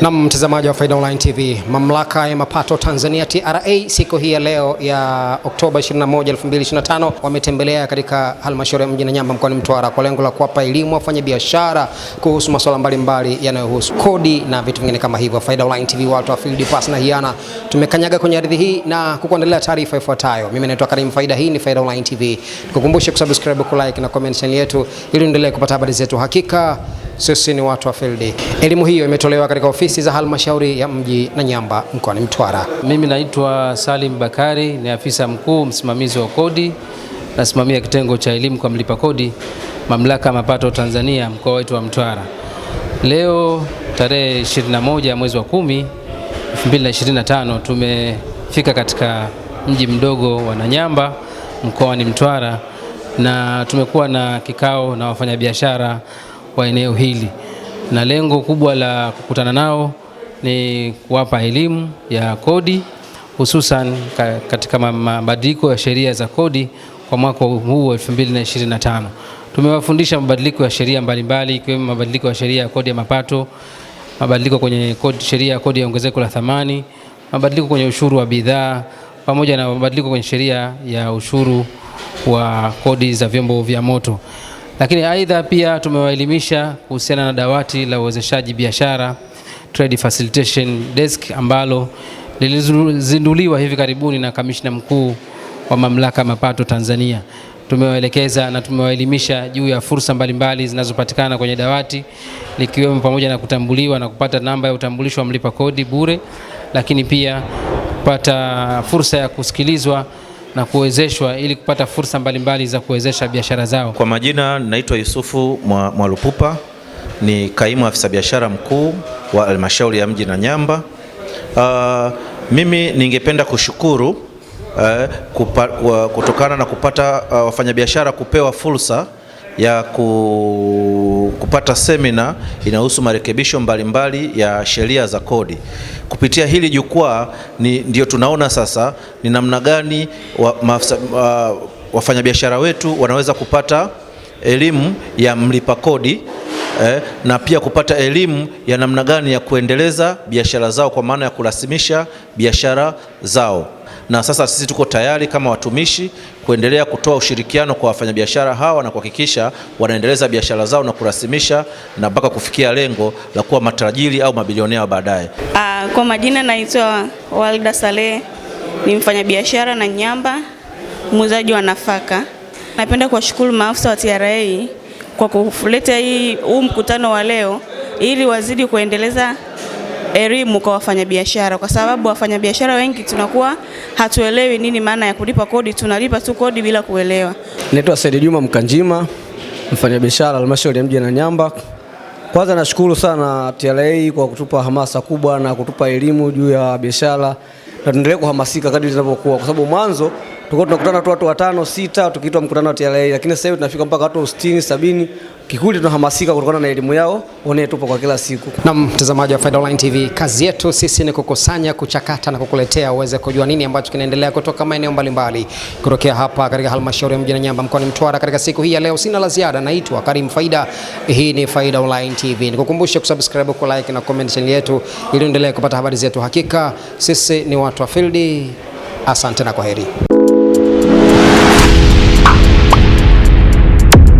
Na mtazamaji wa Faida Online TV, mamlaka ya mapato Tanzania TRA siku hii ya leo ya Oktoba 21, 2025 wametembelea katika halmashauri ya mji Nanyamba mkoani Mtwara kwa lengo la kuwapa elimu biashara kuhusu masuala mbalimbali yanayohusu kodi na vitu vingine kama hivyo. Faida Online TV, watu wa field pass na hiana, tumekanyaga kwenye ardhi hii na kukuandalia taarifa ifuatayo. Mimi naitwa Karim Faida, hii ni Faida Online TV. Nikukumbushe kusubscribe, kulike na comment channel yetu ili uendelee kupata habari zetu. Hakika sisi ni watu wa field. Elimu hiyo imetolewa katika ofisi za halmashauri ya mji na nyamba mkoani Mtwara. Mimi naitwa Salim Bakari, ni afisa mkuu msimamizi wa kodi, nasimamia kitengo cha elimu kwa mlipa kodi, mamlaka ya mapato Tanzania, mkoa wetu wa Mtwara. Leo tarehe 21 mwezi wa 10 2025 tumefika katika mji mdogo wa Nanyamba mkoani Mtwara na tumekuwa na kikao na wafanyabiashara kwa eneo hili, na lengo kubwa la kukutana nao ni kuwapa elimu ya kodi hususan katika mabadiliko ya sheria za kodi kwa mwaka huu wa 2025. Tumewafundisha mabadiliko ya sheria mbalimbali ikiwemo mabadiliko ya sheria ya kodi ya mapato, mabadiliko kwenye kodi, sheria ya kodi ya ongezeko la thamani, mabadiliko kwenye ushuru wa bidhaa pamoja na mabadiliko kwenye sheria ya ushuru wa kodi za vyombo vya moto. Lakini aidha pia tumewaelimisha kuhusiana na dawati la uwezeshaji biashara Trade Facilitation Desk ambalo lilizinduliwa hivi karibuni na kamishna mkuu wa mamlaka mapato Tanzania. Tumewaelekeza na tumewaelimisha juu ya fursa mbalimbali zinazopatikana kwenye dawati likiwemo pamoja na kutambuliwa na kupata namba ya utambulisho wa mlipa kodi bure, lakini pia kupata fursa ya kusikilizwa na kuwezeshwa ili kupata fursa mbalimbali za kuwezesha biashara zao. Kwa majina naitwa Yusufu Mwalupupa, ni kaimu afisa biashara mkuu wa halmashauri ya mji Nanyamba. Uh, ah, mimi ningependa kushukuru uh, kupa, uh, kutokana na kupata uh, wafanyabiashara kupewa fursa ya kupata semina inahusu marekebisho mbalimbali mbali ya sheria za kodi. Kupitia hili jukwaa ni ndio tunaona sasa ni namna gani wa, wa, wafanyabiashara wetu wanaweza kupata elimu ya mlipa kodi eh, na pia kupata elimu ya namna gani ya kuendeleza biashara zao kwa maana ya kurasimisha biashara zao na sasa sisi tuko tayari kama watumishi kuendelea kutoa ushirikiano kwa wafanyabiashara hawa na kuhakikisha wanaendeleza biashara zao na kurasimisha na mpaka kufikia lengo la kuwa matajiri au mabilionea baadaye. Uh, kwa majina naitwa Walda Saleh, ni mfanyabiashara na nyamba muuzaji wa nafaka. Napenda kuwashukuru maafisa wa TRA kwa kuleta hii huu mkutano wa leo ili wazidi kuendeleza elimu kwa wafanyabiashara, kwa sababu wafanyabiashara wengi tunakuwa hatuelewi nini maana ya kulipa kodi, tunalipa tu kodi bila kuelewa. Naitwa Said Juma Mkanjima, mfanyabiashara halmashauri ya mji Nanyamba. Kwanza nashukuru sana TRA kwa kutupa hamasa kubwa na kutupa elimu juu ya biashara, na tuendelee kuhamasika kadri zinavyokuwa, kwa sababu mwanzo tulikuwa tunakutana tu watu watano sita, tukiitwa mkutano wa TRA, lakini sasa hivi tunafika mpaka watu 60 70. Kikundi tunahamasika kutokana na elimu yao one tupo kwa kila siku. Na mtazamaji wa Faida Online TV, kazi yetu sisi ni kukusanya, kuchakata na kukuletea uweze kujua nini ambacho kinaendelea kutoka maeneo mbalimbali kutokea hapa katika halmashauri ya mji Nanyamba mkoani Mtwara. Katika siku hii ya leo sina la ziada, naitwa Karim Faida. Hii ni Faida Online TV, nikukumbushe kusubscribe, ku like na comment channel yetu ili uendelee kupata habari zetu. Hakika sisi ni watu wa field. Asante na kwaheri.